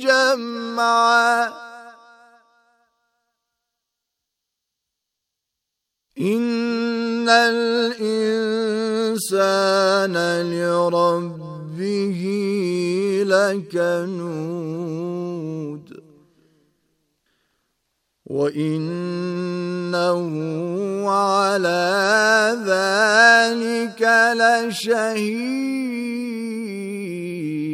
جمعا إن الإنسان لربه لكنود وانه على ذلك لشهيد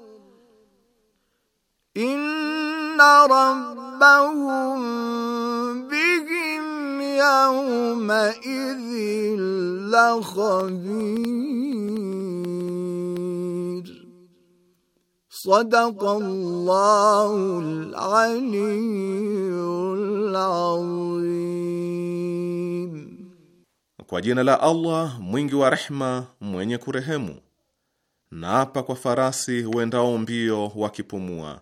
inna rabbahum bihim yawma idhin lakhabir صدق الله العلي العظيم Kwa jina la Allah mwingi wa rehma mwenye kurehemu. Naapa kwa farasi wendao mbio wakipumua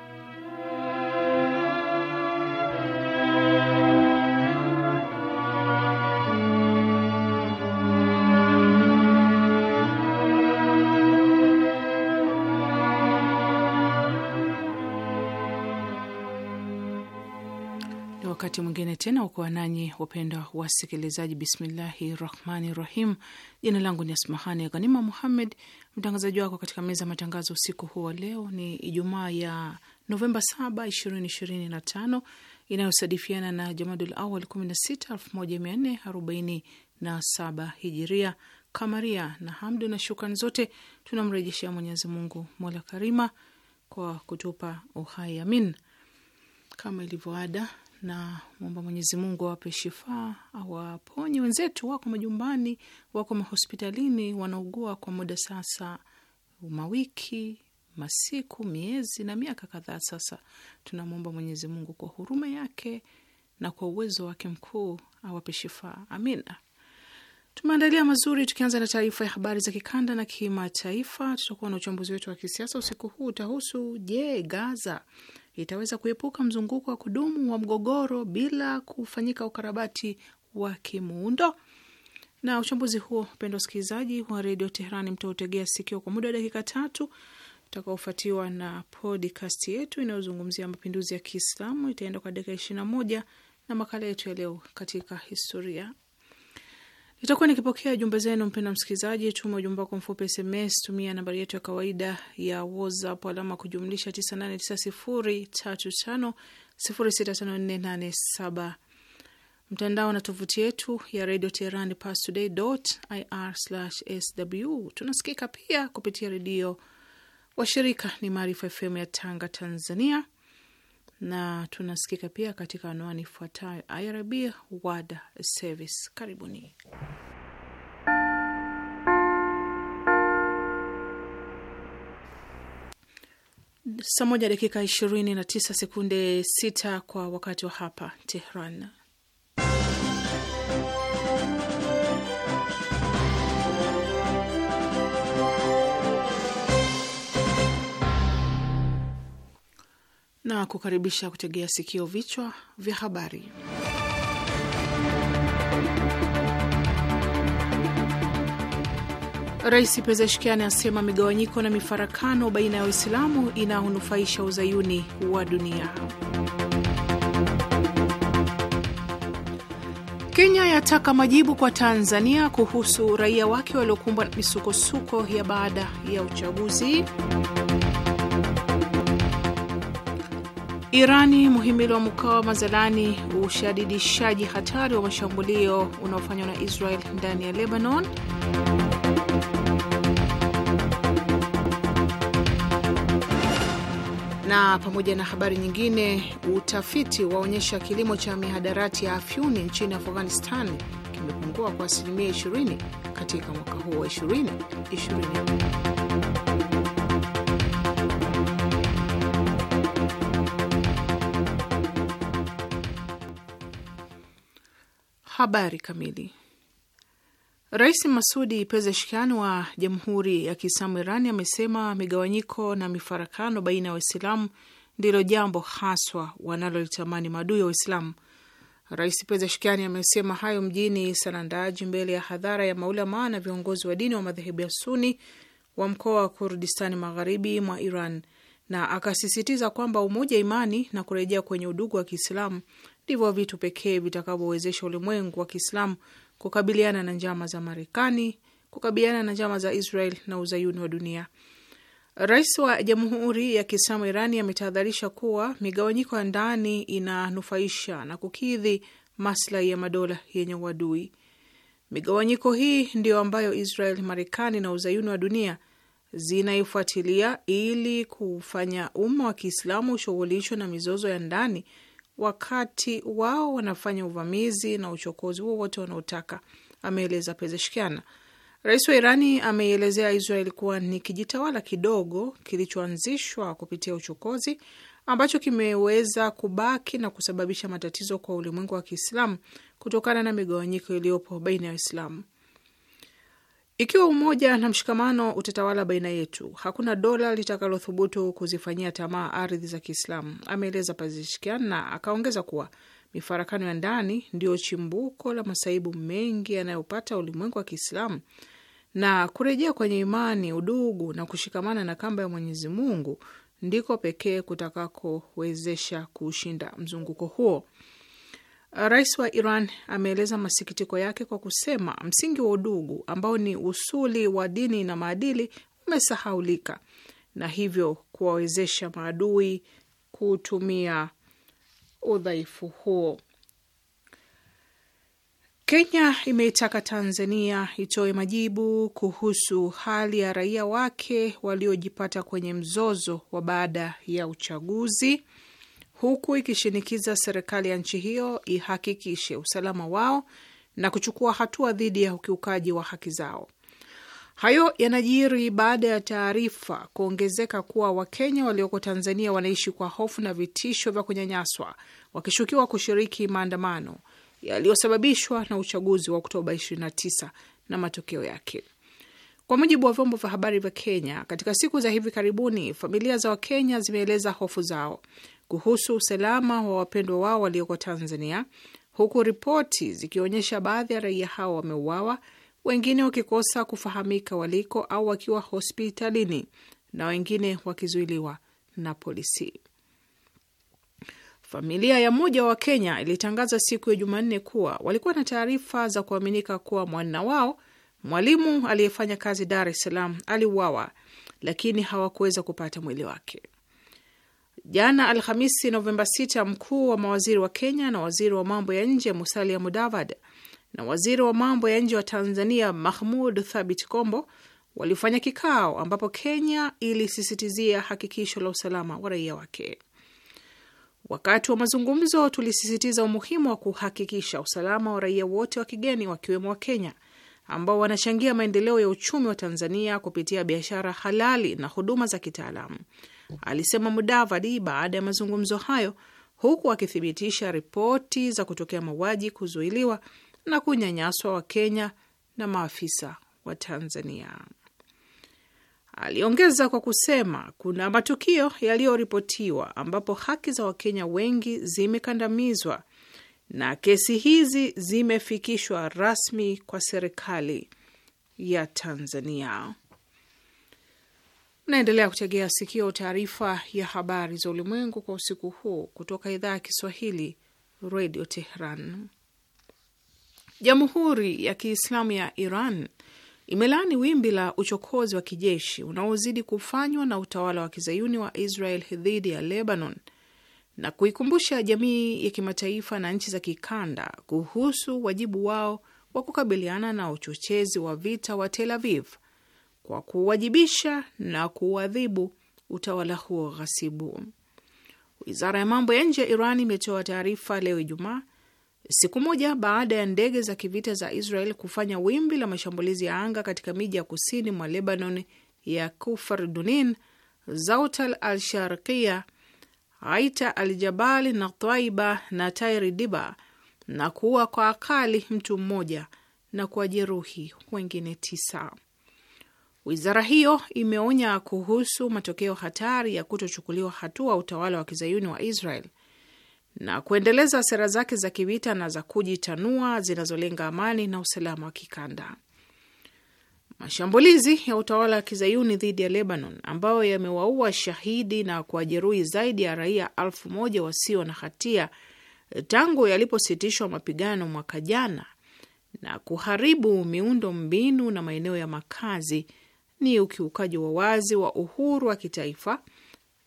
wakati mwingine tena ukuwa nanyi wapendwa wasikilizaji. Bismillahi rahmani rahim. Jina langu ni Asmahani Ghanima Muhammed, mtangazaji wako katika meza ya matangazo. Usiku huu wa leo ni Ijumaa ya Novemba 7, 2025 inayosadifiana na Jamadul Awal 16 1447 Hijiria Kamaria. Na hamdu na shukrani zote tunamrejeshea Mwenyezi Mungu mola karima kwa kutupa uhai, amin. Kama ilivyoada na mwomba Mwenyezi Mungu awape shifaa, awaponye wenzetu. Wako majumbani, wako mahospitalini, wanaugua kwa muda sasa, mawiki, masiku, miezi na miaka kadhaa sasa. Tunamwomba Mwenyezi Mungu kwa huruma yake na kwa uwezo wake mkuu awape shifaa, amina. Tumeandalia mazuri, tukianza na taarifa ya habari za kikanda na kimataifa. Tutakuwa na uchambuzi wetu wa kisiasa usiku huu utahusu: Je, Gaza itaweza kuepuka mzunguko wa kudumu wa mgogoro bila kufanyika ukarabati wa kimuundo. Na uchambuzi huo, mpendwa msikilizaji wa redio Teherani, mtautegea sikio kwa muda wa dakika tatu utakaofuatiwa na podcast yetu inayozungumzia mapinduzi ya Kiislamu, itaenda kwa dakika ishirini na moja na makala yetu ya leo katika historia. Itakuwa nikipokea jumbe zenu, mpendwa msikilizaji. Tuma ujumbe wako mfupi SMS, tumia nambari yetu ya kawaida ya WhatsApp alama kujumlisha 989035065487, mtandao na tovuti yetu ya Radio Teherani ir sw Tunasikika pia kupitia redio washirika ni Maarifa FM ya Tanga, Tanzania na tunasikika pia katika anwani ifuatayo irabia World Service. Karibuni. Saa moja dakika ishirini na tisa sekunde sita kwa wakati wa hapa Tehran. na kukaribisha kutegea sikio vichwa vya habari. Rais pezeshkiani asema migawanyiko na mifarakano baina ya Waislamu inaonufaisha uzayuni wa dunia. Kenya yataka majibu kwa Tanzania kuhusu raia wake waliokumbwa na misukosuko ya baada ya uchaguzi. Irani, muhimili wa mukawama zalani ushadidishaji hatari wa mashambulio unaofanywa na Israel ndani ya Lebanon. Na pamoja na habari nyingine, utafiti waonyesha kilimo cha mihadarati ya afyuni nchini Afghanistan kimepungua kwa asilimia 20 katika mwaka huu wa 2020. Habari kamili. Rais Masudi Pezeshkian wa Jamhuri ya Kiislamu Irani amesema migawanyiko na mifarakano baina ya Waislamu ndilo jambo haswa wanalolitamani maadui ya Waislamu. Rais Pezeshkian amesema hayo mjini Sanandaji mbele ya hadhara ya maulama na viongozi wa dini wa madhehebu ya Suni wa mkoa wa Kurdistani magharibi mwa Iran, na akasisitiza kwamba umoja imani na kurejea kwenye udugu wa Kiislamu ndivyo vitu pekee vitakavyowezesha ulimwengu wa Kiislamu kukabiliana na njama za Marekani, kukabiliana na njama za Israel na uzayuni wa dunia. Rais wa Jamhuri ya Kiislamu Irani ametahadharisha kuwa migawanyiko ya ndani inanufaisha na kukidhi maslahi ya madola yenye uadui. Migawanyiko hii ndiyo ambayo Israel, Marekani na uzayuni wa dunia zinaifuatilia ili kufanya umma wa Kiislamu ushughulishwe na mizozo ya ndani wakati wao wanafanya uvamizi na uchokozi wowote wanaotaka, ameeleza Pezeshkian. Rais wa Irani ameielezea Israel kuwa ni kijitawala kidogo kilichoanzishwa kupitia uchokozi ambacho kimeweza kubaki na kusababisha matatizo kwa ulimwengu wa Kiislamu kutokana na migawanyiko iliyopo baina ya Waislamu. Ikiwa umoja na mshikamano utatawala baina yetu, hakuna dola litakalothubutu kuzifanyia tamaa ardhi za Kiislamu, ameeleza Pazishkian na akaongeza kuwa mifarakano ya ndani ndiyo chimbuko la masaibu mengi yanayopata ulimwengu wa Kiislamu, na kurejea kwenye imani, udugu na kushikamana na kamba ya Mwenyezi Mungu ndiko pekee kutakakowezesha kuushinda mzunguko huo. Rais wa Iran ameeleza masikitiko yake kwa kusema msingi wa udugu ambao ni usuli wa dini na maadili umesahaulika na hivyo kuwawezesha maadui kutumia udhaifu huo. Kenya imeitaka Tanzania itoe majibu kuhusu hali ya raia wake waliojipata kwenye mzozo wa baada ya uchaguzi huku ikishinikiza serikali ya nchi hiyo ihakikishe usalama wao na kuchukua hatua dhidi ya ukiukaji wa haki zao. Hayo yanajiri baada ya taarifa kuongezeka kuwa Wakenya walioko Tanzania wanaishi kwa hofu na vitisho vya kunyanyaswa wakishukiwa kushiriki maandamano yaliyosababishwa na uchaguzi wa Oktoba 29 na matokeo yake. Kwa mujibu wa vyombo vya habari vya Kenya, katika siku za hivi karibuni familia za Wakenya zimeeleza hofu zao kuhusu usalama wa wapendwa wao walioko Tanzania, huku ripoti zikionyesha baadhi ya raia hao wameuawa, wengine wakikosa kufahamika waliko au wakiwa hospitalini na wengine wakizuiliwa na polisi. Familia ya mmoja wa Kenya ilitangaza siku ya Jumanne kuwa walikuwa na taarifa za kuaminika kuwa mwana wao mwalimu aliyefanya kazi Dar es Salaam aliuawa, lakini hawakuweza kupata mwili wake. Jana Alhamisi, Novemba 6, mkuu wa mawaziri wa Kenya na waziri wa mambo ya nje Musalia Mudavadi na waziri wa mambo ya nje wa Tanzania Mahmud Thabit Kombo walifanya kikao ambapo Kenya ilisisitizia hakikisho la usalama wa raia wake. Wakati wa mazungumzo, tulisisitiza umuhimu wa kuhakikisha usalama wa raia wote wa kigeni wakiwemo wa Kenya ambao wanachangia maendeleo ya uchumi wa Tanzania kupitia biashara halali na huduma za kitaalamu alisema Mudavadi baada ya mazungumzo hayo, huku akithibitisha ripoti za kutokea mauaji, kuzuiliwa na kunyanyaswa Wakenya na maafisa wa Tanzania. Aliongeza kwa kusema kuna matukio yaliyoripotiwa ambapo haki za Wakenya wengi zimekandamizwa na kesi hizi zimefikishwa rasmi kwa serikali ya Tanzania. Mnaendelea kutegea sikio taarifa ya habari za ulimwengu kwa usiku huu kutoka idhaa ya Kiswahili Radio Tehran. Jamhuri ya Kiislamu ya Iran imelaani wimbi la uchokozi wa kijeshi unaozidi kufanywa na utawala wa kizayuni wa Israel dhidi ya Lebanon na kuikumbusha jamii ya kimataifa na nchi za kikanda kuhusu wajibu wao wa kukabiliana na uchochezi wa vita wa Tel Aviv kwa kuuwajibisha na kuuadhibu utawala huo ghasibu. Wizara ya mambo ya nje ya Iran imetoa taarifa leo Ijumaa, siku moja baada ya ndege za kivita za Israel kufanya wimbi la mashambulizi ya anga katika miji ya kusini mwa Lebanon ya Kufar Dunin, Zautal al Sharkia, Aita al Jabal na Twaiba na Tairi Diba, na kuua kwa akali mtu mmoja na kuwajeruhi wengine tisa. Wizara hiyo imeonya kuhusu matokeo hatari ya kutochukuliwa hatua utawala wa kizayuni wa Israel na kuendeleza sera zake za kivita na za kujitanua zinazolenga amani na usalama wa kikanda. Mashambulizi ya utawala wa kizayuni dhidi ya Lebanon ambayo yamewaua shahidi na kuwajeruhi zaidi ya raia alfu moja wasio na hatia tangu yalipositishwa mapigano mwaka jana na kuharibu miundo mbinu na maeneo ya makazi ni ukiukaji wa wazi wa uhuru wa kitaifa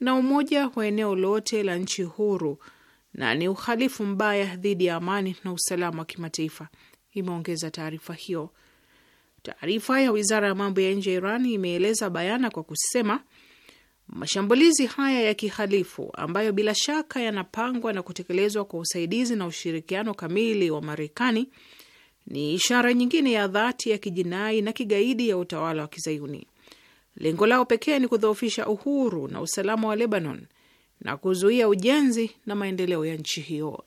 na umoja wa eneo lote la nchi huru na ni uhalifu mbaya dhidi ya amani na usalama wa kimataifa, imeongeza taarifa hiyo. Taarifa ya wizara ya mambo ya nje ya Iran imeeleza bayana kwa kusema mashambulizi haya ya kihalifu ambayo bila shaka yanapangwa na kutekelezwa kwa usaidizi na ushirikiano kamili wa Marekani ni ishara nyingine ya dhati ya kijinai na kigaidi ya utawala wa Kizayuni. Lengo lao pekee ni kudhoofisha uhuru na usalama wa Lebanon na kuzuia ujenzi na maendeleo ya nchi hiyo.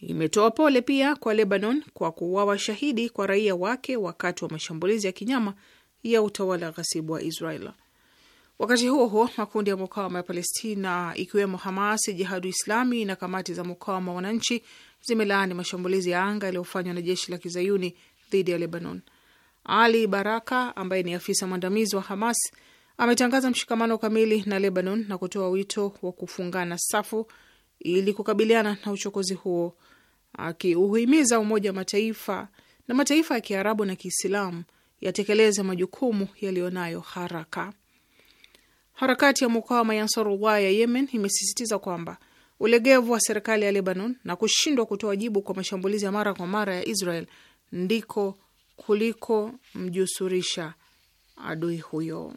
Imetoa pole pia kwa Lebanon kwa kuuawa shahidi kwa raia wake wakati wa mashambulizi ya kinyama ya utawala ghasibu wa Israel. Wakati huo huo, makundi ya mukawama ya Palestina ikiwemo Hamas, Jihadu Islami na kamati za mukawama wananchi zimelaani mashambulizi ya anga yaliyofanywa na jeshi la kizayuni dhidi ya Lebanon. Ali Baraka ambaye ni afisa mwandamizi wa Hamas ametangaza mshikamano kamili na Lebanon na kutoa wito wa kufungana safu ili kukabiliana na uchokozi huo, akiuhimiza Umoja wa Mataifa na mataifa ya Kiarabu na Kiislamu yatekeleze majukumu yaliyonayo haraka. Harakati ya mukawama ya Ansarullah ya Yemen imesisitiza kwamba ulegevu wa serikali ya Lebanon na kushindwa kutoa jibu kwa mashambulizi ya mara kwa mara ya Israel ndiko kuliko mjusurisha adui huyo.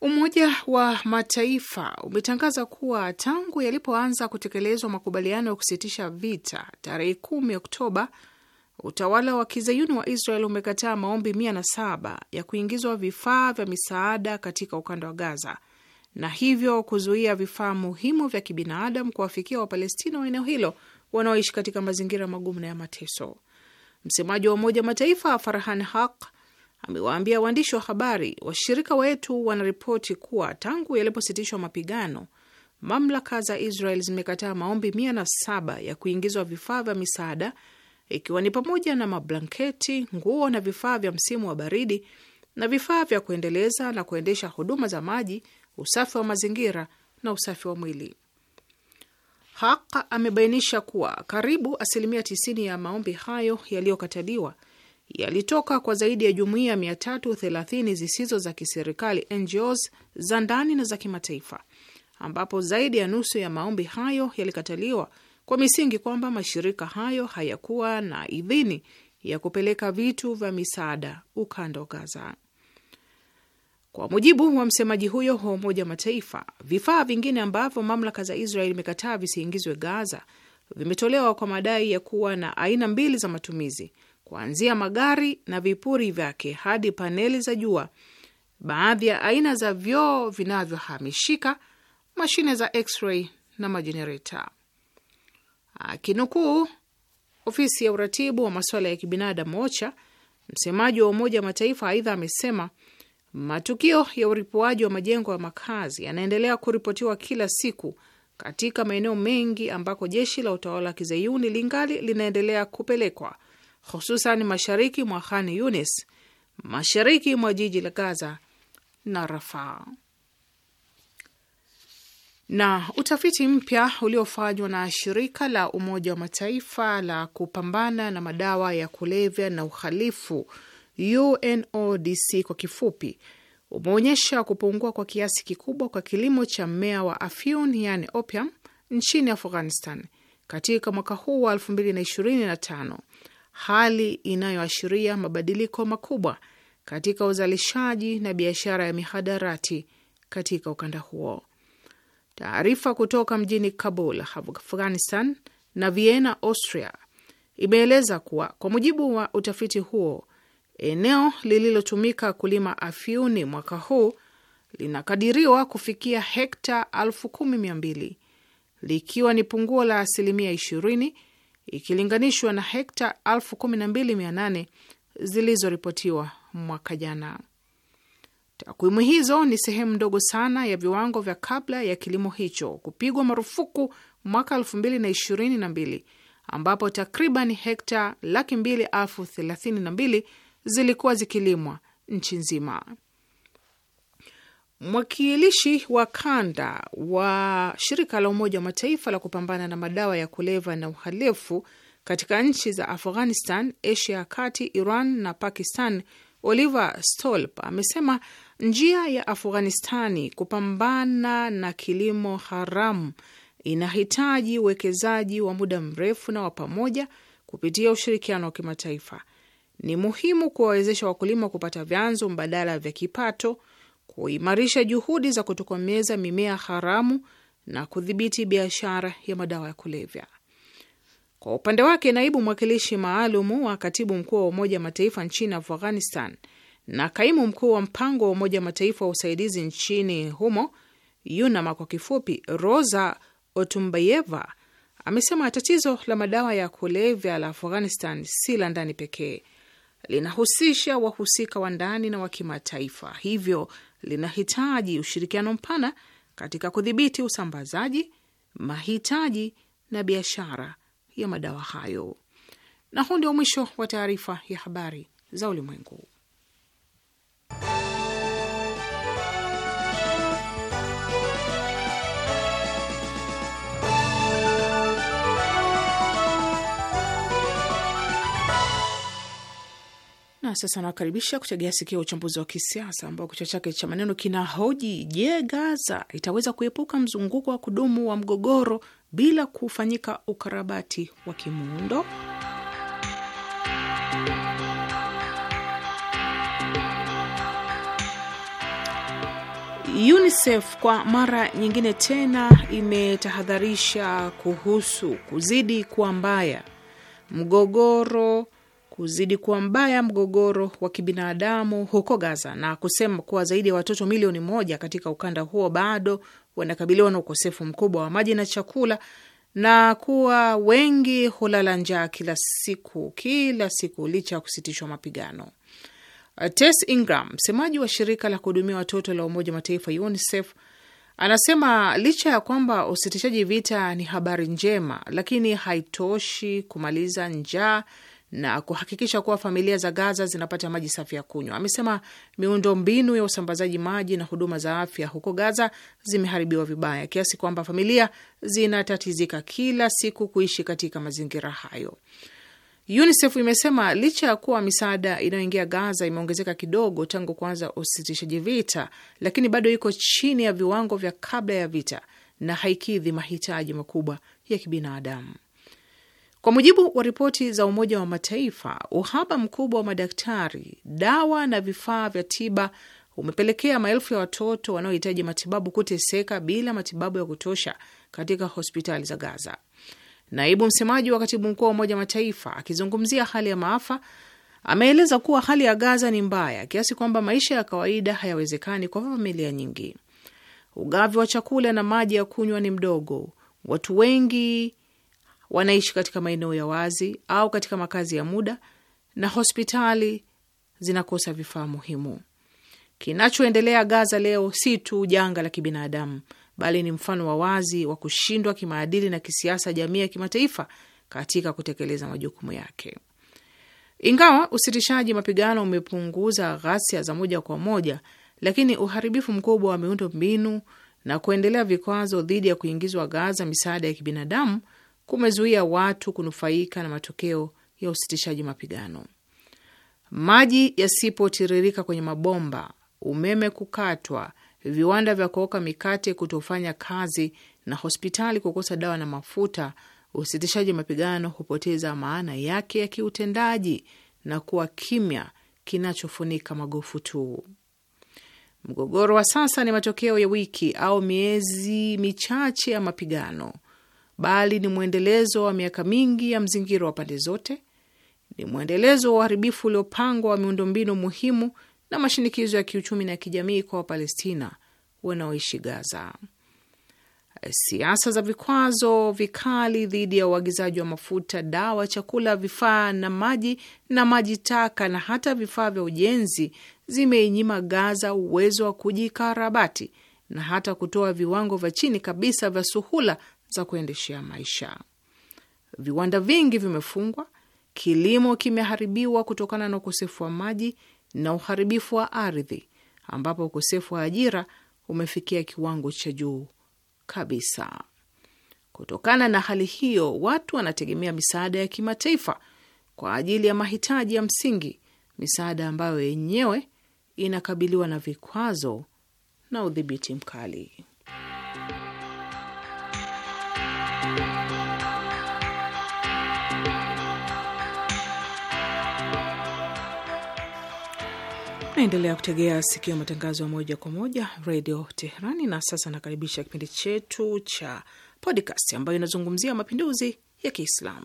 Umoja wa Mataifa umetangaza kuwa tangu yalipoanza kutekelezwa makubaliano ya kusitisha vita tarehe kumi Oktoba Utawala wa kizayuni wa Israel umekataa maombi mia na saba ya kuingizwa vifaa vya misaada katika ukanda wa Gaza na hivyo kuzuia vifaa muhimu vya kibinadamu kuwafikia Wapalestina wa eneo hilo wanaoishi katika mazingira magumu na ya mateso. Msemaji wa Umoja Mataifa Farhan Haq amewaambia waandishi wa habari, washirika wetu wanaripoti kuwa tangu yalipositishwa mapigano, mamlaka za Israel zimekataa maombi mia na saba ya kuingizwa vifaa vya misaada ikiwa ni pamoja na mablanketi, nguo na vifaa vya msimu wa baridi na vifaa vya kuendeleza na kuendesha huduma za maji, usafi wa mazingira na usafi wa mwili. Haq amebainisha kuwa karibu asilimia 90 ya maombi hayo yaliyokataliwa yalitoka kwa zaidi ya jumuiya 330 zisizo za kiserikali NGOs za ndani na za kimataifa, ambapo zaidi ya nusu ya maombi hayo yalikataliwa kwa misingi kwamba mashirika hayo hayakuwa na idhini ya kupeleka vitu vya misaada ukanda wa Gaza. Kwa mujibu wa msemaji huyo wa Umoja wa Mataifa, vifaa vingine ambavyo mamlaka za Israel imekataa visiingizwe Gaza vimetolewa kwa madai ya kuwa na aina mbili za matumizi, kuanzia magari na vipuri vyake hadi paneli za jua, baadhi ya aina za vyoo vinavyohamishika, mashine za x-ray na majenereta. Akinukuu ofisi ya uratibu wa masuala ya kibinadamu OCHA, msemaji wa Umoja wa Mataifa aidha amesema matukio ya uripuaji wa majengo ya makazi yanaendelea kuripotiwa kila siku katika maeneo mengi ambako jeshi la utawala wa kizayuni lingali linaendelea kupelekwa, hususan mashariki mwa Khan Yunis, mashariki mwa jiji la Gaza na Rafaa. Na utafiti mpya uliofanywa na shirika la Umoja wa Mataifa la kupambana na madawa ya kulevya na uhalifu UNODC kwa kifupi umeonyesha kupungua kwa kiasi kikubwa kwa kilimo cha mmea wa afyun, yani opium, nchini Afghanistan katika mwaka huu wa 2025, hali inayoashiria mabadiliko makubwa katika uzalishaji na biashara ya mihadarati katika ukanda huo. Taarifa kutoka mjini Kabul, Afghanistan na Vienna, Austria imeeleza kuwa kwa mujibu wa utafiti huo, eneo lililotumika kulima afyuni mwaka huu linakadiriwa kufikia hekta elfu kumi mia mbili likiwa ni punguo la asilimia 20 ikilinganishwa na hekta elfu kumi na mbili mia nane zilizoripotiwa mwaka jana. Takwimu hizo ni sehemu ndogo sana ya viwango vya kabla ya kilimo hicho kupigwa marufuku mwaka mbili ambapo takriban hekta laki mbili elfu thelathini na mbili zilikuwa zikilimwa nchi nzima. Mwakilishi wa kanda wa shirika la Umoja wa Mataifa la kupambana na madawa ya kulevya na uhalifu katika nchi za Afghanistan, Asia ya Kati, Iran na Pakistan Oliver Stolp amesema njia ya Afghanistani kupambana na kilimo haramu inahitaji uwekezaji wa muda mrefu na wa pamoja kupitia ushirikiano wa kimataifa. Ni muhimu kuwawezesha wakulima kupata vyanzo mbadala vya kipato, kuimarisha juhudi za kutokomeza mimea haramu na kudhibiti biashara ya madawa ya kulevya. Kwa upande wake, naibu mwakilishi maalumu wa katibu mkuu wa Umoja Mataifa nchini Afghanistan na kaimu mkuu wa mpango wa Umoja Mataifa wa usaidizi nchini humo YUNAMA kwa kifupi, Rosa Otumbayeva amesema tatizo la madawa ya kulevya la Afghanistan si la ndani pekee, linahusisha wahusika wa ndani na wa kimataifa, hivyo linahitaji ushirikiano mpana katika kudhibiti usambazaji, mahitaji na biashara ya madawa hayo. Na huu ndio mwisho wa taarifa ya habari za ulimwengu. Na sasa nawakaribisha kutegea sikio uchambuzi wa kisiasa ambao kichwa chake cha maneno kina hoji: Je, Gaza itaweza kuepuka mzunguko wa kudumu wa mgogoro bila kufanyika ukarabati wa kimuundo. UNICEF kwa mara nyingine tena imetahadharisha kuhusu kuzidi kuwa mbaya mgogoro kuzidi kuwa mbaya mgogoro wa kibinadamu huko Gaza na kusema kuwa zaidi ya watoto milioni moja katika ukanda huo bado wanakabiliwa na ukosefu mkubwa wa maji na chakula na kuwa wengi hulala njaa kila siku kila siku licha ya kusitishwa mapigano. Tess Ingram, msemaji wa shirika la kuhudumia watoto la Umoja Mataifa UNICEF, anasema licha ya kwamba usitishaji vita ni habari njema, lakini haitoshi kumaliza njaa na kuhakikisha kuwa familia za Gaza zinapata maji safi ya kunywa. Amesema miundo mbinu ya usambazaji maji na huduma za afya huko Gaza zimeharibiwa vibaya kiasi kwamba familia zinatatizika kila siku kuishi katika mazingira hayo. UNICEF imesema licha ya kuwa misaada inayoingia Gaza imeongezeka kidogo tangu kuanza usitishaji vita, lakini bado iko chini ya viwango vya kabla ya vita na haikidhi mahitaji makubwa ya kibinadamu. Kwa mujibu wa ripoti za Umoja wa Mataifa, uhaba mkubwa wa madaktari, dawa na vifaa vya tiba umepelekea maelfu ya watoto wanaohitaji matibabu kuteseka bila matibabu ya kutosha katika hospitali za Gaza. Naibu msemaji wa katibu mkuu wa Umoja wa Mataifa akizungumzia hali ya maafa ameeleza kuwa hali ya Gaza ni mbaya kiasi kwamba maisha ya kawaida hayawezekani kwa familia nyingi. Ugavi wa chakula na maji ya kunywa ni mdogo. Watu wengi wanaishi katika maeneo ya wazi au katika makazi ya muda, na hospitali zinakosa vifaa muhimu. Kinachoendelea Gaza leo si tu janga la kibinadamu, bali ni mfano wa wazi wa kushindwa kimaadili na kisiasa jamii ya kimataifa katika kutekeleza majukumu yake. Ingawa usitishaji mapigano umepunguza ghasia za moja kwa moja, lakini uharibifu mkubwa wa miundo mbinu na kuendelea vikwazo dhidi ya kuingizwa Gaza misaada ya kibinadamu kumezuia watu kunufaika na matokeo ya usitishaji mapigano. Maji yasipotiririka kwenye mabomba, umeme kukatwa, viwanda vya kuoka mikate kutofanya kazi na hospitali kukosa dawa na mafuta, usitishaji mapigano hupoteza maana yake ya kiutendaji na kuwa kimya kinachofunika magofu tu. Mgogoro wa sasa ni matokeo ya wiki au miezi michache ya mapigano bali ni mwendelezo wa miaka mingi ya mzingiro wa pande zote, ni mwendelezo wa uharibifu uliopangwa wa miundombinu muhimu na mashinikizo ya kiuchumi na kijamii kwa Wapalestina wanaoishi Gaza. Siasa za vikwazo vikali dhidi ya uagizaji wa mafuta, dawa, chakula, vifaa na maji na maji taka na hata vifaa vya ujenzi zimeinyima Gaza uwezo wa kujikarabati na hata kutoa viwango vya chini kabisa vya suhula za kuendeshea maisha. Viwanda vingi vimefungwa, kilimo kimeharibiwa kutokana na ukosefu wa maji na uharibifu wa ardhi, ambapo ukosefu wa ajira umefikia kiwango cha juu kabisa. Kutokana na hali hiyo, watu wanategemea misaada ya kimataifa kwa ajili ya mahitaji ya msingi, misaada ambayo yenyewe inakabiliwa na vikwazo na udhibiti mkali. Naendelea kutegea sikio matangazo ya moja kwa moja redio Teherani. Na sasa nakaribisha kipindi chetu cha podcast ambayo inazungumzia mapinduzi ya Kiislamu.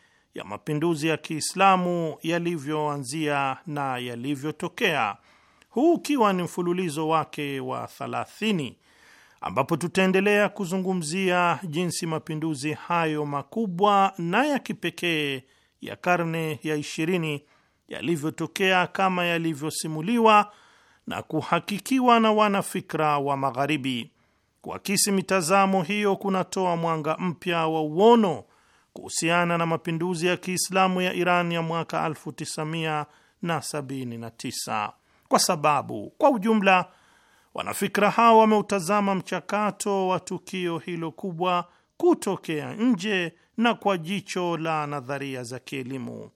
ya mapinduzi ya Kiislamu yalivyoanzia na yalivyotokea, huu ukiwa ni mfululizo wake wa 30 ambapo tutaendelea kuzungumzia jinsi mapinduzi hayo makubwa na ya kipekee ya karne ya 20 yalivyotokea kama yalivyosimuliwa na kuhakikiwa na wanafikra wa Magharibi. Kuakisi mitazamo hiyo kunatoa mwanga mpya wa uono kuhusiana na mapinduzi ya Kiislamu ya Iran ya mwaka 1979 kwa sababu kwa ujumla wanafikra hao wameutazama mchakato wa tukio hilo kubwa kutokea nje na kwa jicho la nadharia za kielimu,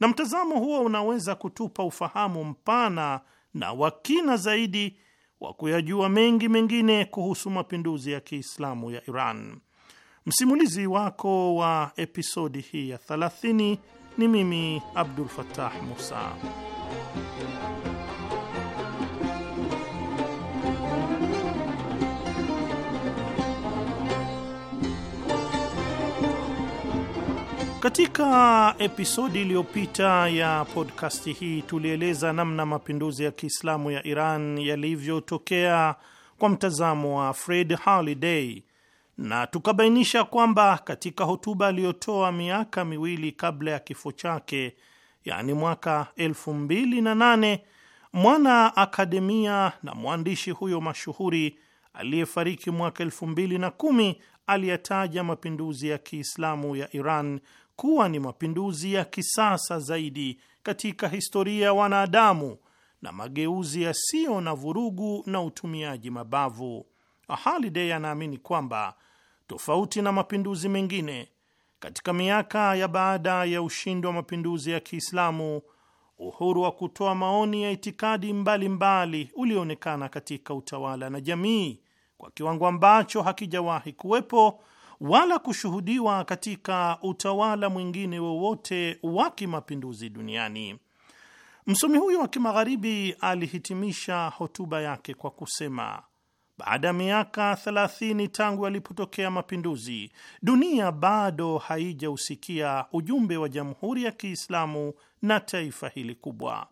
na mtazamo huo unaweza kutupa ufahamu mpana na wa kina zaidi wa kuyajua mengi mengine kuhusu mapinduzi ya Kiislamu ya Iran. Msimulizi wako wa episodi hii ya 30 ni mimi Abdul Fattah Musa. Katika episodi iliyopita ya podkasti hii tulieleza namna mapinduzi ya Kiislamu ya Iran yalivyotokea kwa mtazamo wa Fred Haliday, na tukabainisha kwamba katika hotuba aliyotoa miaka miwili kabla ya kifo chake, yaani mwaka elfu mbili na nane, mwana akademia na mwandishi huyo mashuhuri aliyefariki mwaka elfu mbili na kumi aliyataja mapinduzi ya Kiislamu ya Iran kuwa ni mapinduzi ya kisasa zaidi katika historia ya wanadamu na mageuzi yasiyo na vurugu na utumiaji mabavu. Halidei anaamini kwamba tofauti na mapinduzi mengine, katika miaka ya baada ya ushindi wa mapinduzi ya Kiislamu, uhuru wa kutoa maoni ya itikadi mbalimbali ulioonekana katika utawala na jamii kwa kiwango ambacho hakijawahi kuwepo wala kushuhudiwa katika utawala mwingine wowote wa kimapinduzi duniani. Msomi huyo wa kimagharibi alihitimisha hotuba yake kwa kusema baada ya miaka 30 tangu yalipotokea mapinduzi, dunia bado haijausikia ujumbe wa Jamhuri ya Kiislamu na taifa hili kubwa.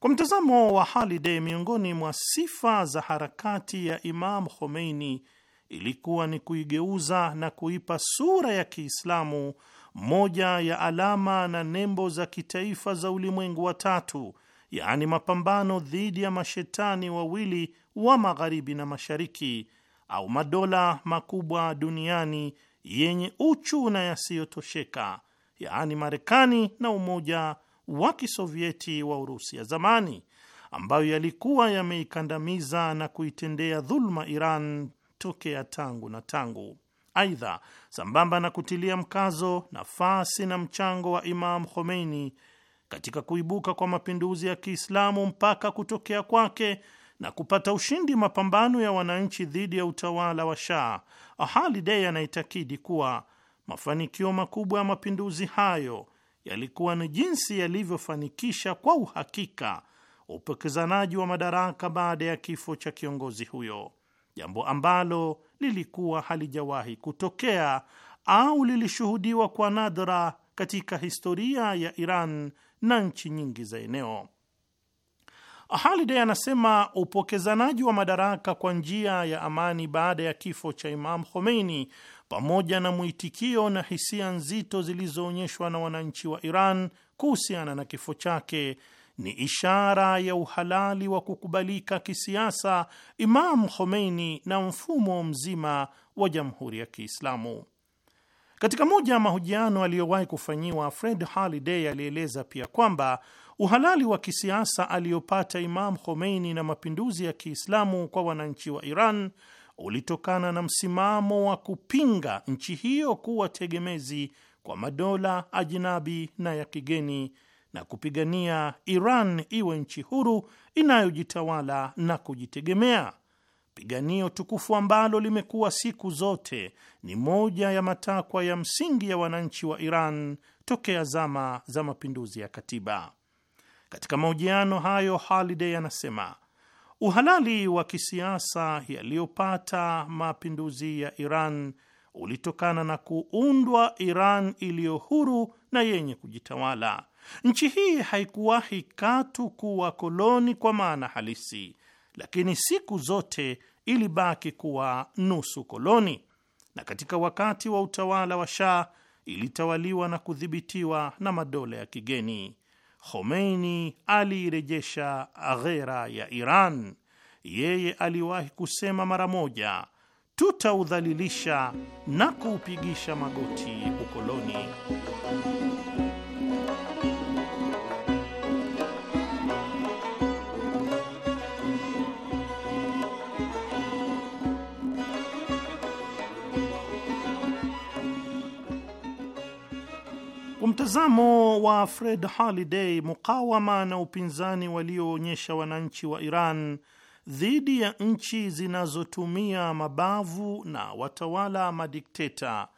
Kwa mtazamo wa Haliday, miongoni mwa sifa za harakati ya Imam Khomeini ilikuwa ni kuigeuza na kuipa sura ya Kiislamu moja ya alama na nembo za kitaifa za ulimwengu wa tatu yaani mapambano dhidi ya mashetani wawili wa magharibi na mashariki, au madola makubwa duniani yenye uchu na yasiyotosheka, yaani Marekani na Umoja wa Kisovieti wa Urusi ya zamani, ambayo yalikuwa yameikandamiza na kuitendea dhuluma Iran tokea tangu na tangu. Aidha, sambamba na kutilia mkazo nafasi na mchango wa Imam Khomeini katika kuibuka kwa mapinduzi ya Kiislamu mpaka kutokea kwake na kupata ushindi mapambano ya wananchi dhidi ya utawala wa Shah, Haliday anaitakidi kuwa mafanikio makubwa ya mapinduzi hayo yalikuwa ni jinsi yalivyofanikisha kwa uhakika upokezanaji wa madaraka baada ya kifo cha kiongozi huyo, jambo ambalo lilikuwa halijawahi kutokea au lilishuhudiwa kwa nadra katika historia ya Iran na nchi nyingi za eneo. Haliday anasema upokezanaji wa madaraka kwa njia ya amani baada ya kifo cha Imam Khomeini, pamoja na mwitikio na hisia nzito zilizoonyeshwa na wananchi wa Iran kuhusiana na kifo chake ni ishara ya uhalali wa kukubalika kisiasa Imam Khomeini na mfumo mzima wa Jamhuri ya Kiislamu. Katika moja ya mahojiano aliyowahi kufanyiwa, Fred Haliday alieleza pia kwamba uhalali wa kisiasa aliyopata Imam Khomeini na mapinduzi ya Kiislamu kwa wananchi wa Iran ulitokana na msimamo wa kupinga nchi hiyo kuwa tegemezi kwa madola ajinabi na ya kigeni na kupigania Iran iwe nchi huru inayojitawala na kujitegemea piganio tukufu ambalo limekuwa siku zote ni moja ya matakwa ya msingi ya wananchi wa Iran tokea zama za mapinduzi ya katiba. Katika mahojiano hayo, Haliday anasema uhalali wa kisiasa yaliyopata mapinduzi ya Iran ulitokana na kuundwa Iran iliyo huru na yenye kujitawala. Nchi hii haikuwahi katu kuwa koloni kwa maana halisi lakini siku zote ilibaki kuwa nusu koloni, na katika wakati wa utawala wa Shah ilitawaliwa na kudhibitiwa na madola ya kigeni. Khomeini aliirejesha aghera ya Iran. Yeye aliwahi kusema mara moja, tutaudhalilisha na kuupigisha magoti ukoloni. Kwa mtazamo wa Fred Haliday, mukawama na upinzani walioonyesha wananchi wa Iran dhidi ya nchi zinazotumia mabavu na watawala madikteta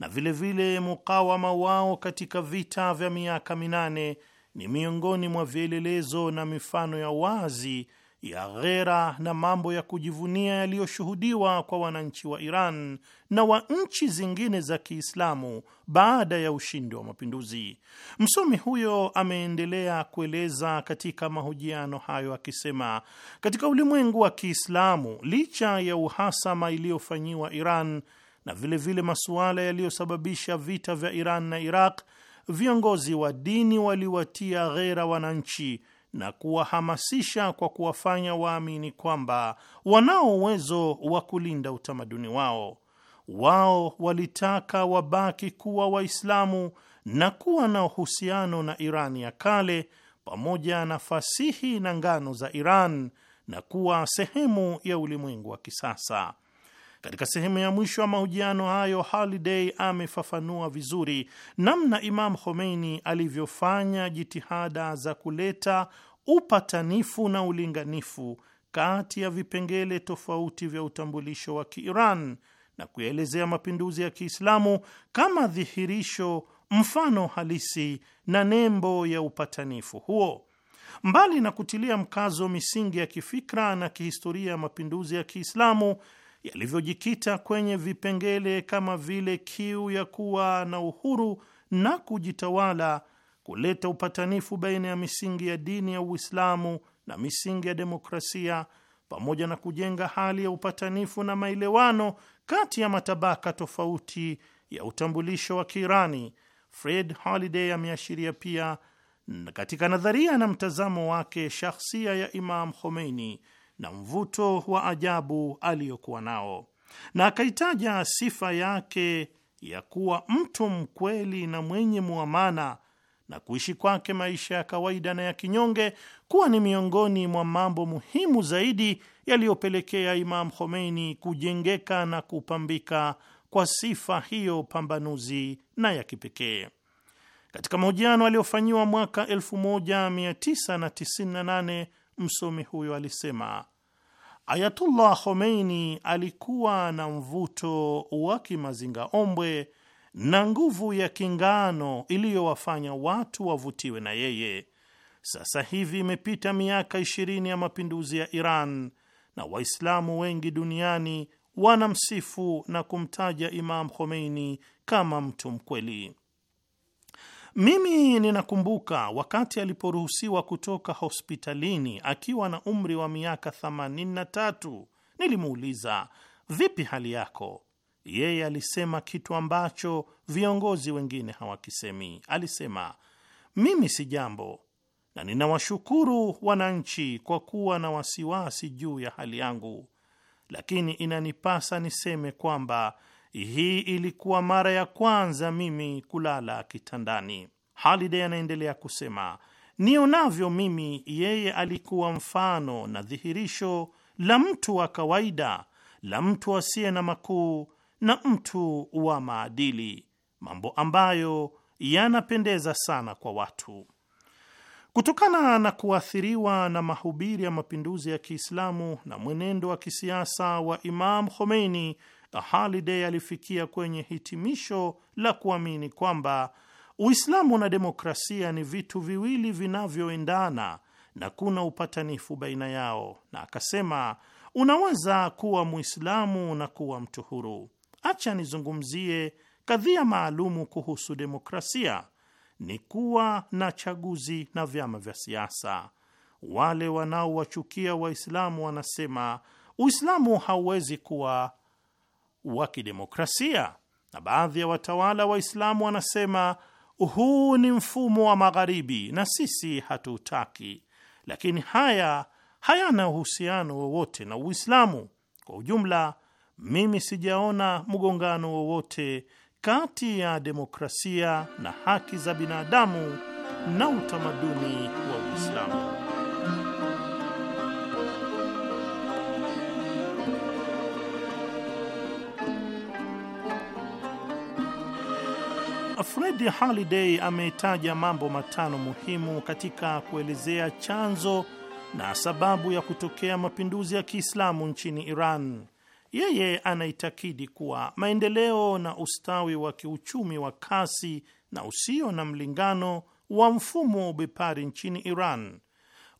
na vilevile vile mukawama wao katika vita vya miaka minane ni miongoni mwa vielelezo na mifano ya wazi ya ghera na mambo ya kujivunia yaliyoshuhudiwa kwa wananchi wa Iran na wa nchi zingine za Kiislamu baada ya ushindi wa mapinduzi. Msomi huyo ameendelea kueleza katika mahojiano hayo akisema, katika ulimwengu wa Kiislamu, licha ya uhasama iliyofanyiwa Iran na vilevile vile masuala yaliyosababisha vita vya Iran na Iraq, viongozi wa dini waliwatia ghera wananchi na kuwahamasisha kwa kuwafanya waamini kwamba wanao uwezo wa kulinda utamaduni wao. Wao walitaka wabaki kuwa Waislamu na kuwa na uhusiano na Irani ya kale pamoja na fasihi na ngano za Iran na kuwa sehemu ya ulimwengu wa kisasa. Katika sehemu ya mwisho ya mahojiano hayo, Haliday amefafanua vizuri namna Imam Khomeini alivyofanya jitihada za kuleta upatanifu na ulinganifu kati ya vipengele tofauti vya utambulisho wa Kiiran na kuyaelezea mapinduzi ya Kiislamu kama dhihirisho, mfano halisi na nembo ya upatanifu huo. Mbali na kutilia mkazo misingi ya kifikra na kihistoria ya mapinduzi ya Kiislamu, yalivyojikita kwenye vipengele kama vile kiu ya kuwa na uhuru na kujitawala, kuleta upatanifu baina ya misingi ya dini ya Uislamu na misingi ya demokrasia, pamoja na kujenga hali ya upatanifu na maelewano kati ya matabaka tofauti ya utambulisho wa Kiirani. Fred Holiday ameashiria pia katika nadharia na mtazamo wake shakhsia ya Imam Khomeini na mvuto wa ajabu aliyokuwa nao, na akaitaja sifa yake ya kuwa mtu mkweli na mwenye muamana na kuishi kwake maisha ya kawaida na ya kinyonge kuwa ni miongoni mwa mambo muhimu zaidi yaliyopelekea Imam Khomeini kujengeka na kupambika kwa sifa hiyo pambanuzi na ya kipekee. Katika mahojiano aliyofanyiwa mwaka 1998 msomi huyo alisema Ayatullah Khomeini alikuwa na mvuto wa kimazinga ombwe na nguvu ya kingano iliyowafanya watu wavutiwe na yeye. Sasa hivi imepita miaka ishirini ya mapinduzi ya Iran na Waislamu wengi duniani wanamsifu na kumtaja Imam Khomeini kama mtu mkweli. Mimi ninakumbuka wakati aliporuhusiwa kutoka hospitalini akiwa na umri wa miaka 83, nilimuuliza vipi hali yako? Yeye alisema kitu ambacho viongozi wengine hawakisemi. Alisema mimi si jambo, na ninawashukuru wananchi kwa kuwa na wasiwasi juu ya hali yangu, lakini inanipasa niseme kwamba hii ilikuwa mara ya kwanza mimi kulala kitandani. Haliday anaendelea kusema, nionavyo mimi, yeye alikuwa mfano na dhihirisho la mtu wa kawaida, la mtu asiye na makuu na mtu wa maadili, mambo ambayo yanapendeza sana kwa watu. Kutokana na kuathiriwa na mahubiri ya mapinduzi ya Kiislamu na mwenendo wa kisiasa wa Imam Khomeini Halliday alifikia kwenye hitimisho la kuamini kwamba Uislamu na demokrasia ni vitu viwili vinavyoendana na kuna upatanifu baina yao, na akasema unaweza kuwa Muislamu na kuwa mtu huru. Acha nizungumzie kadhia maalumu kuhusu demokrasia, ni kuwa na chaguzi na vyama vya siasa. Wale wanaowachukia Waislamu wanasema Uislamu hauwezi kuwa wa kidemokrasia, na baadhi ya watawala Waislamu wanasema huu ni mfumo wa Magharibi na sisi hatutaki lakini haya hayana uhusiano wowote na Uislamu. Kwa ujumla, mimi sijaona mgongano wowote kati ya demokrasia na haki za binadamu na utamaduni wa Uislamu. Fred Holiday ametaja mambo matano muhimu katika kuelezea chanzo na sababu ya kutokea mapinduzi ya Kiislamu nchini Iran. Yeye anaitakidi kuwa maendeleo na ustawi wa kiuchumi wa kasi na usio na mlingano wa mfumo wa ubepari nchini Iran,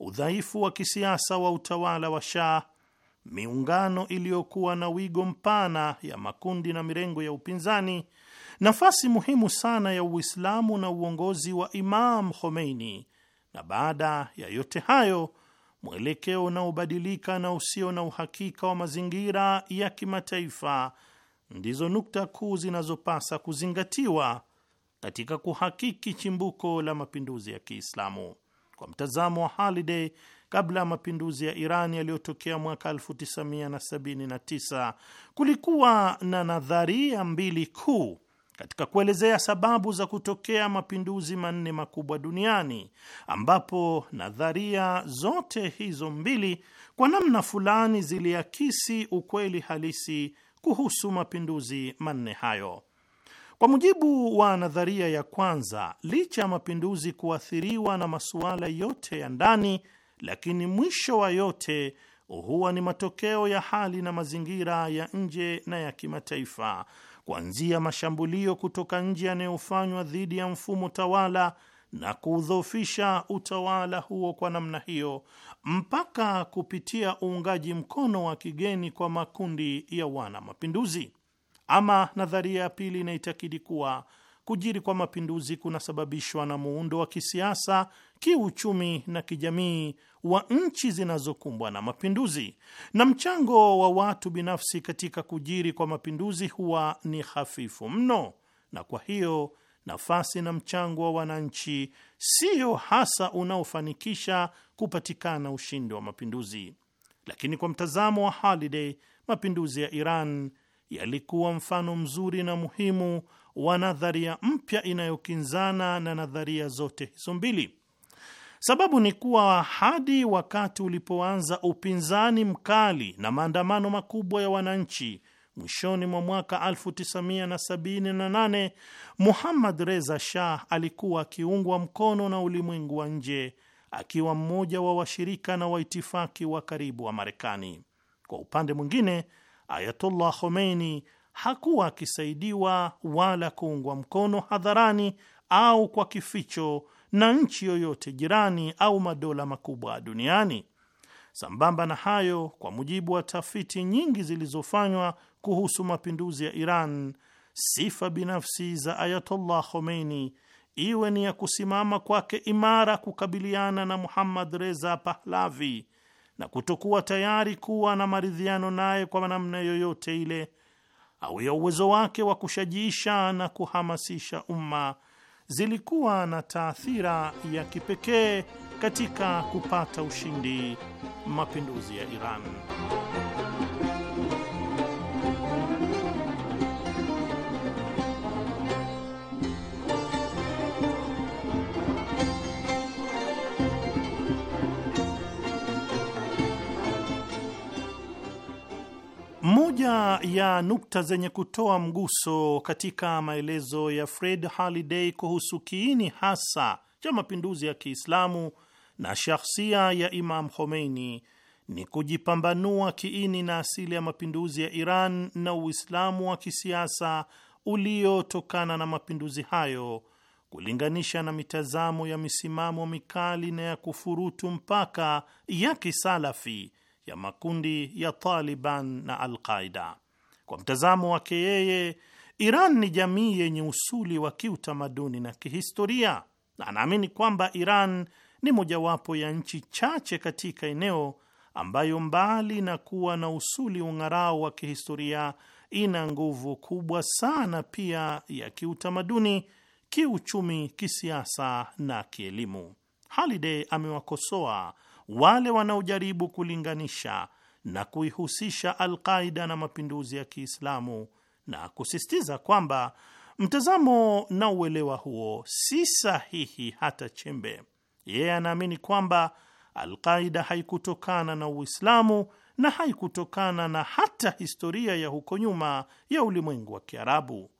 udhaifu wa kisiasa wa utawala wa Shah, miungano iliyokuwa na wigo mpana ya makundi na mirengo ya upinzani nafasi muhimu sana ya Uislamu na uongozi wa Imam Khomeini, na baada ya yote hayo mwelekeo unaobadilika na usio na uhakika wa mazingira ya kimataifa ndizo nukta kuu zinazopasa kuzingatiwa katika kuhakiki chimbuko la mapinduzi ya Kiislamu. Kwa mtazamo wa haliday kabla ya mapinduzi ya Iran yaliyotokea mwaka 1979 kulikuwa na nadharia mbili kuu katika kuelezea sababu za kutokea mapinduzi manne makubwa duniani ambapo nadharia zote hizo mbili kwa namna fulani ziliakisi ukweli halisi kuhusu mapinduzi manne hayo. Kwa mujibu wa nadharia ya kwanza, licha ya mapinduzi kuathiriwa na masuala yote ya ndani, lakini mwisho wa yote huwa ni matokeo ya hali na mazingira ya nje na ya kimataifa kuanzia mashambulio kutoka nje yanayofanywa dhidi ya mfumo tawala na kuudhofisha utawala huo kwa namna hiyo, mpaka kupitia uungaji mkono wa kigeni kwa makundi ya wana mapinduzi. Ama nadharia ya pili inaitakidi kuwa kujiri kwa mapinduzi kunasababishwa na muundo wa kisiasa, kiuchumi na kijamii wa nchi zinazokumbwa na mapinduzi, na mchango wa watu binafsi katika kujiri kwa mapinduzi huwa ni hafifu mno, na kwa hiyo nafasi na mchango wa wananchi siyo hasa unaofanikisha kupatikana ushindi wa mapinduzi. Lakini kwa mtazamo wa Halliday, mapinduzi ya Iran yalikuwa mfano mzuri na muhimu wa nadharia mpya inayokinzana na nadharia zote hizo mbili. Sababu ni kuwa hadi wakati ulipoanza upinzani mkali na maandamano makubwa ya wananchi mwishoni mwa mwaka 1978 Muhammad Reza Shah alikuwa akiungwa mkono na ulimwengu wa nje akiwa mmoja wa washirika na waitifaki wa karibu wa Marekani. Kwa upande mwingine, Ayatullah Khomeini hakuwa akisaidiwa wala kuungwa mkono hadharani au kwa kificho na nchi yoyote jirani au madola makubwa duniani. Sambamba na hayo, kwa mujibu wa tafiti nyingi zilizofanywa kuhusu mapinduzi ya Iran, sifa binafsi za Ayatollah Khomeini, iwe ni ya kusimama kwake imara kukabiliana na Muhammad Reza Pahlavi na kutokuwa tayari kuwa na maridhiano naye kwa namna yoyote ile au ya uwezo wake wa kushajiisha na kuhamasisha umma zilikuwa na taathira ya kipekee katika kupata ushindi mapinduzi ya Iran. Moja ya nukta zenye kutoa mguso katika maelezo ya Fred Haliday kuhusu kiini hasa cha mapinduzi ya Kiislamu na shahsia ya Imam Khomeini ni kujipambanua kiini na asili ya mapinduzi ya Iran na Uislamu wa kisiasa uliotokana na mapinduzi hayo, kulinganisha na mitazamo ya misimamo mikali na ya kufurutu mpaka ya kisalafi ya makundi ya Taliban na al Kwa mtazamo wake yeye, Iran ni jamii yenye usuli wa kiutamaduni na kihistoria, na anaamini kwamba Iran ni mojawapo ya nchi chache katika eneo ambayo mbali na kuwa na usuli ung'arao wa kihistoria ina nguvu kubwa sana pia ya kiutamaduni, kiuchumi, kisiasa na kielimu. Halide amewakosoa wale wanaojaribu kulinganisha na kuihusisha Alqaida na mapinduzi ya Kiislamu na kusisitiza kwamba mtazamo na uelewa huo si sahihi hata chembe. Yeye anaamini kwamba Alqaida haikutokana na Uislamu na haikutokana na hata historia ya huko nyuma ya ulimwengu wa Kiarabu.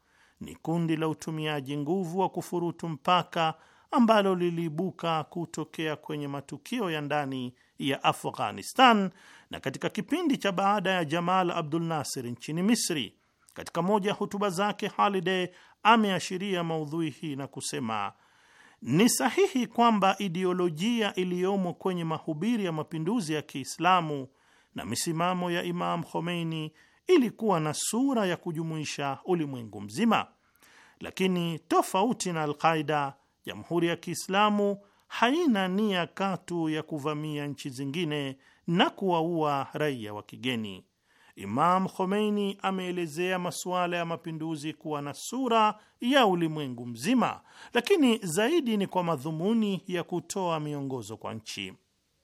Ni kundi la utumiaji nguvu wa kufurutu mpaka ambalo liliibuka kutokea kwenye matukio ya ndani ya Afghanistan na katika kipindi cha baada ya Jamal Abdul Nasir nchini Misri. Katika moja ya hotuba zake, Halide ameashiria maudhui hii na kusema ni sahihi kwamba ideolojia iliyomo kwenye mahubiri ya mapinduzi ya Kiislamu na misimamo ya Imam Khomeini ilikuwa na sura ya kujumuisha ulimwengu mzima, lakini tofauti na Alqaida Jamhuri ya Kiislamu haina nia katu ya kuvamia nchi zingine na kuwaua raia wa kigeni. Imam Khomeini ameelezea masuala ya mapinduzi kuwa na sura ya ulimwengu mzima, lakini zaidi ni kwa madhumuni ya kutoa miongozo kwa nchi.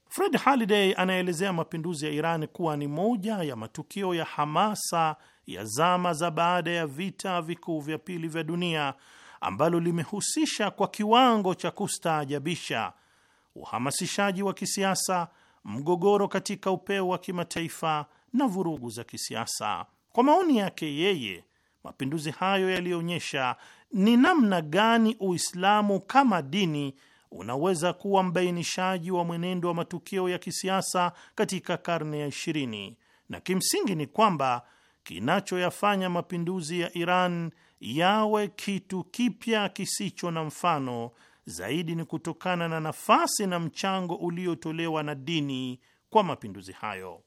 Fred Haliday anaelezea mapinduzi ya Iran kuwa ni moja ya matukio ya hamasa ya zama za baada ya vita vikuu vya pili vya dunia ambalo limehusisha kwa kiwango cha kustaajabisha uhamasishaji wa kisiasa, mgogoro katika upeo wa kimataifa na vurugu za kisiasa. Kwa maoni yake yeye, mapinduzi hayo yaliyoonyesha ni namna gani Uislamu kama dini unaweza kuwa mbainishaji wa mwenendo wa matukio ya kisiasa katika karne ya ishirini, na kimsingi ni kwamba kinachoyafanya mapinduzi ya Iran yawe kitu kipya kisicho na mfano zaidi ni kutokana na nafasi na mchango uliotolewa na dini kwa mapinduzi hayo.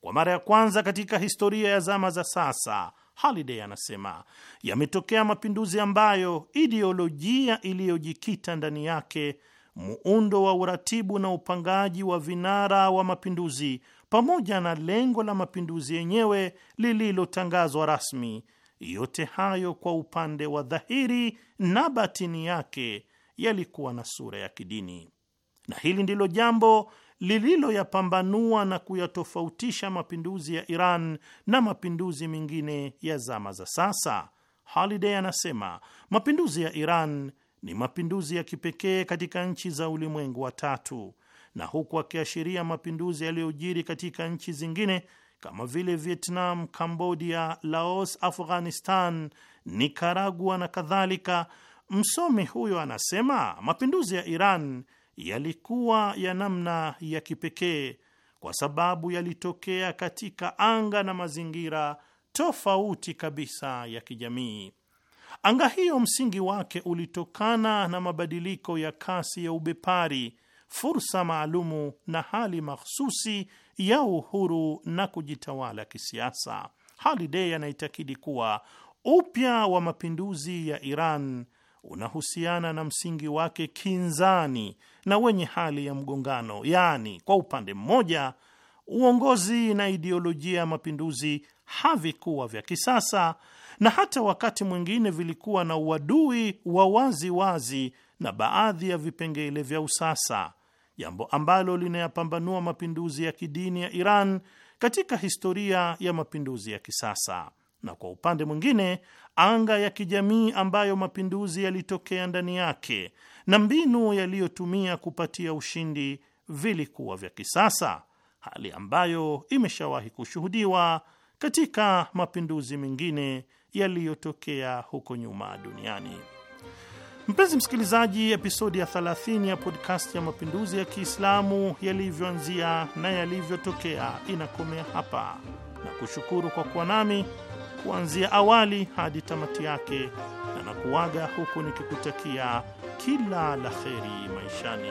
Kwa mara ya kwanza katika historia ya zama za sasa, Haliday anasema yametokea mapinduzi ambayo ideolojia iliyojikita ndani yake, muundo wa uratibu na upangaji wa vinara wa mapinduzi, pamoja na lengo la mapinduzi yenyewe lililotangazwa rasmi yote hayo kwa upande wa dhahiri na batini yake yalikuwa na sura ya kidini, na hili ndilo jambo lililoyapambanua na kuyatofautisha mapinduzi ya Iran na mapinduzi mengine ya zama za sasa. Holiday anasema mapinduzi ya Iran ni mapinduzi ya kipekee katika nchi za ulimwengu wa tatu, na huku akiashiria mapinduzi yaliyojiri katika nchi zingine kama vile Vietnam, Cambodia, Laos, Afghanistan, Nikaragua na kadhalika. Msomi huyo anasema mapinduzi ya Iran yalikuwa ya namna ya kipekee kwa sababu yalitokea katika anga na mazingira tofauti kabisa ya kijamii. Anga hiyo msingi wake ulitokana na mabadiliko ya kasi ya ubepari, fursa maalumu na hali mahsusi ya uhuru na kujitawala kisiasa. Halidei anaitakidi kuwa upya wa mapinduzi ya Iran unahusiana na msingi wake kinzani na wenye hali ya mgongano, yaani kwa upande mmoja uongozi na ideolojia ya mapinduzi havikuwa vya kisasa na hata wakati mwingine vilikuwa na uadui wa wazi wazi na baadhi ya vipengele vya usasa, jambo ambalo linayapambanua mapinduzi ya kidini ya Iran katika historia ya mapinduzi ya kisasa, na kwa upande mwingine anga ya kijamii ambayo mapinduzi yalitokea ndani yake na mbinu yaliyotumia kupatia ushindi vilikuwa vya kisasa, hali ambayo imeshawahi kushuhudiwa katika mapinduzi mengine yaliyotokea huko nyuma duniani. Mpenzi msikilizaji, episodi ya 30 ya podcast ya mapinduzi ya Kiislamu yalivyoanzia na yalivyotokea inakomea hapa, na kushukuru kwa kuwa nami kuanzia awali hadi tamati yake, na nakuaga huku nikikutakia kila la kheri maishani.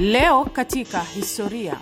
Leo katika historia.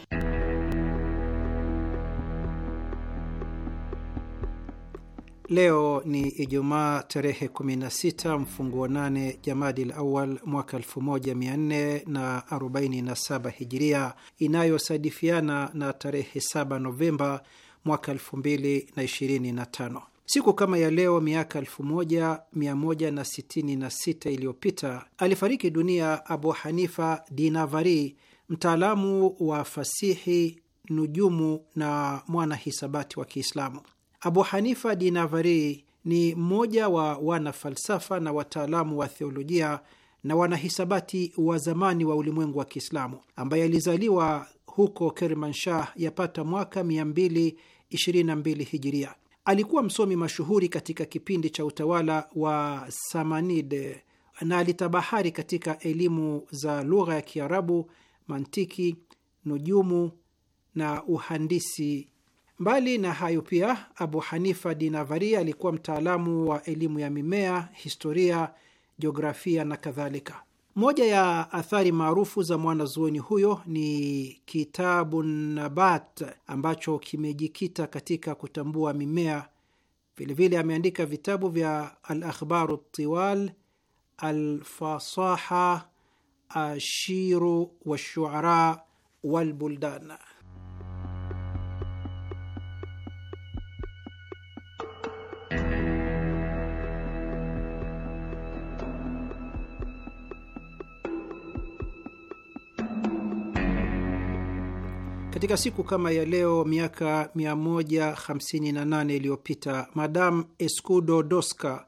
Leo ni Ijumaa tarehe 16 mfungu wa nane l Awal mwaka 1447 Hijiria, inayosadifiana na tarehe 7 Novemba mwaka 2025. Siku kama ya leo miaka 1166 iliyopita alifariki dunia Abu Hanifa Dinavari, mtaalamu wa fasihi, nujumu na mwana hisabati wa Kiislamu. Abu Hanifa Dinavari ni mmoja wa wanafalsafa na wataalamu wa theolojia na wanahisabati wa zamani wa ulimwengu wa Kiislamu ambaye alizaliwa huko Kermanshah yapata mwaka 222 hijiria. Alikuwa msomi mashuhuri katika kipindi cha utawala wa Samanide na alitabahari katika elimu za lugha ya Kiarabu, mantiki, nujumu na uhandisi. Mbali na hayo pia, Abu Hanifa Dinavari alikuwa mtaalamu wa elimu ya mimea, historia, jiografia na kadhalika. Moja ya athari maarufu za mwanazuoni huyo ni kitabu Nabat ambacho kimejikita katika kutambua mimea. Vilevile ameandika vitabu vya Alakhbaru Tiwal, Alfasaha, Ashiru washuara, Walbuldan. Katika siku kama ya leo miaka 158 iliyopita, Madam Escudo Doska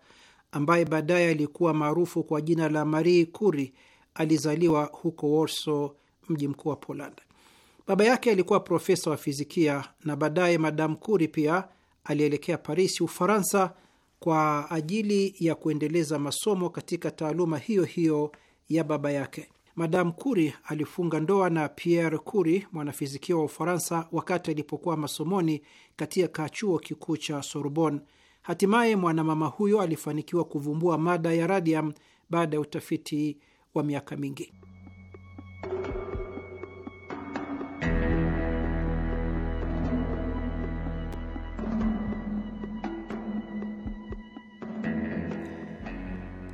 ambaye baadaye alikuwa maarufu kwa jina la Marie Curie alizaliwa huko Warsaw, mji mkuu wa Poland. Baba yake alikuwa profesa wa fizikia na baadaye Madam Curie pia alielekea Paris, Ufaransa, kwa ajili ya kuendeleza masomo katika taaluma hiyo hiyo ya baba yake. Madam Curie alifunga ndoa na Pierre Curie, mwanafizikia wa Ufaransa, wakati alipokuwa masomoni katika chuo kikuu cha Sorbonne. Hatimaye mwanamama huyo alifanikiwa kuvumbua mada ya radium baada ya utafiti wa miaka mingi.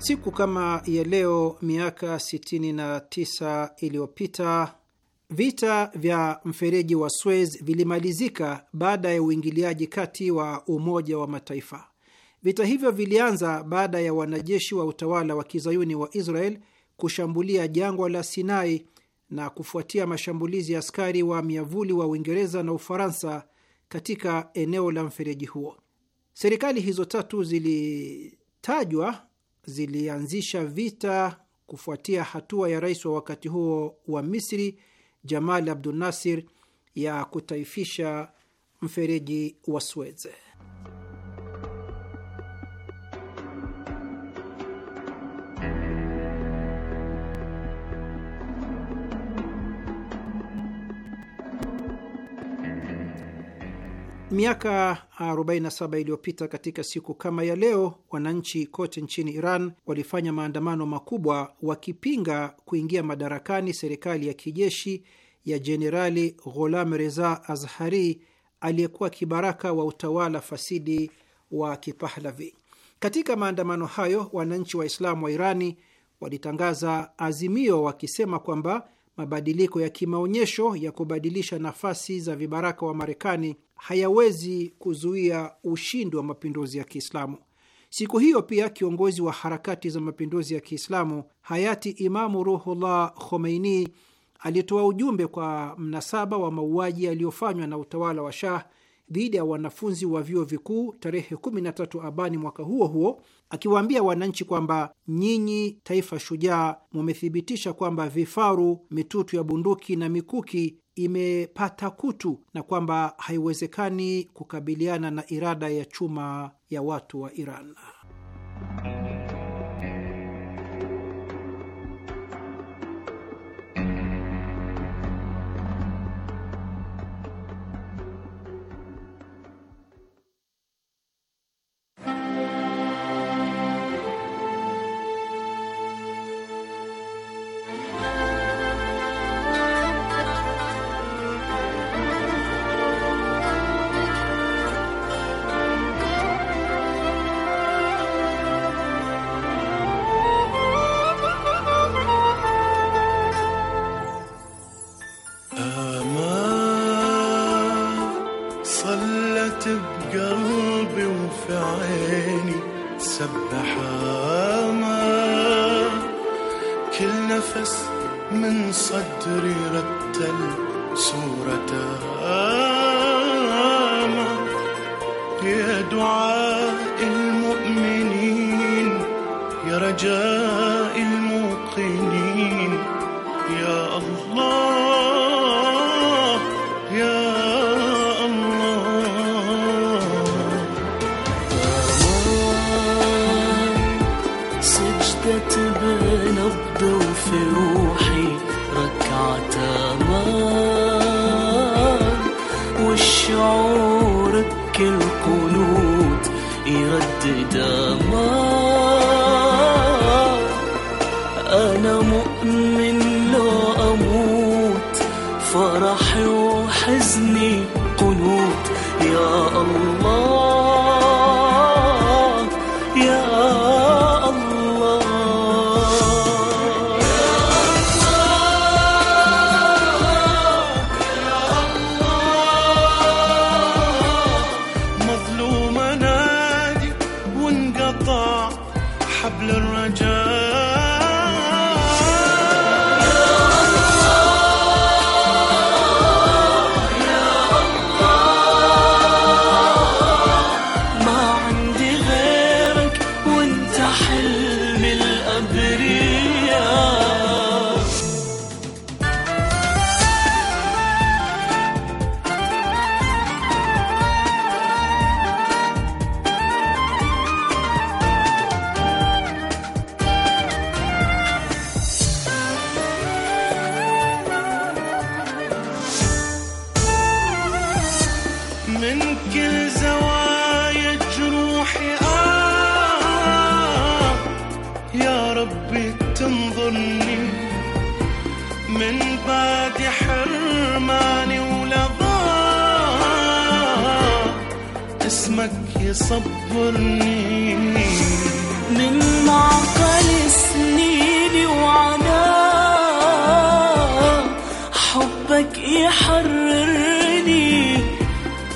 Siku kama ya leo miaka 69 iliyopita vita vya mfereji wa Suez vilimalizika baada ya uingiliaji kati wa Umoja wa Mataifa. Vita hivyo vilianza baada ya wanajeshi wa utawala wa kizayuni wa Israel kushambulia jangwa la Sinai na kufuatia mashambulizi ya askari wa miavuli wa Uingereza na Ufaransa katika eneo la mfereji huo. Serikali hizo tatu zilitajwa zilianzisha vita kufuatia hatua ya rais wa wakati huo wa Misri Jamal Abdul Nasir ya kutaifisha mfereji wa Suez. Miaka 47 iliyopita katika siku kama ya leo, wananchi kote nchini Iran walifanya maandamano makubwa wakipinga kuingia madarakani serikali ya kijeshi ya Jenerali Gholam Reza Azhari aliyekuwa kibaraka wa utawala fasidi wa Kipahlavi. Katika maandamano hayo, wananchi Waislamu wa Irani walitangaza azimio wakisema kwamba mabadiliko ya kimaonyesho ya kubadilisha nafasi za vibaraka wa Marekani hayawezi kuzuia ushindi wa mapinduzi ya Kiislamu. Siku hiyo pia kiongozi wa harakati za mapinduzi ya Kiislamu hayati Imamu Ruhullah Khomeini alitoa ujumbe kwa mnasaba wa mauaji yaliyofanywa na utawala wa Shah dhidi ya wanafunzi wa vyuo vikuu tarehe 13 Abani mwaka huo huo akiwaambia wananchi kwamba nyinyi taifa shujaa, mumethibitisha kwamba vifaru, mitutu ya bunduki na mikuki imepata kutu na kwamba haiwezekani kukabiliana na irada ya chuma ya watu wa Iran. بدت بنبض وفي روحي ركعة أمان والشعور قنوت يردد أمان أنا مؤمن لو أموت فرحي وحزني قنوت يا الله حبك يحررني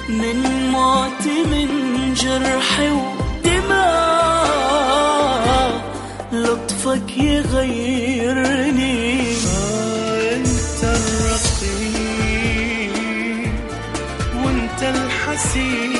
من موت من جرح ودماء لطفك يغيرني انت الرقيب وانت الحسين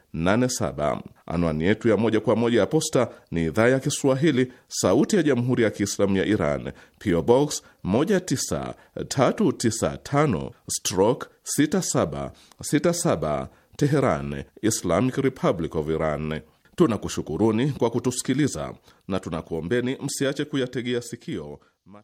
87. Anwani yetu ya moja kwa moja ya posta ni idhaa ya Kiswahili, sauti ya jamhuri ya kiislamu ya Iran, PO Box 19395 stroke 6767 Teheran, Islamic Republic of Iran. Tunakushukuruni kwa kutusikiliza na tunakuombeni msiache kuyategea sikio ma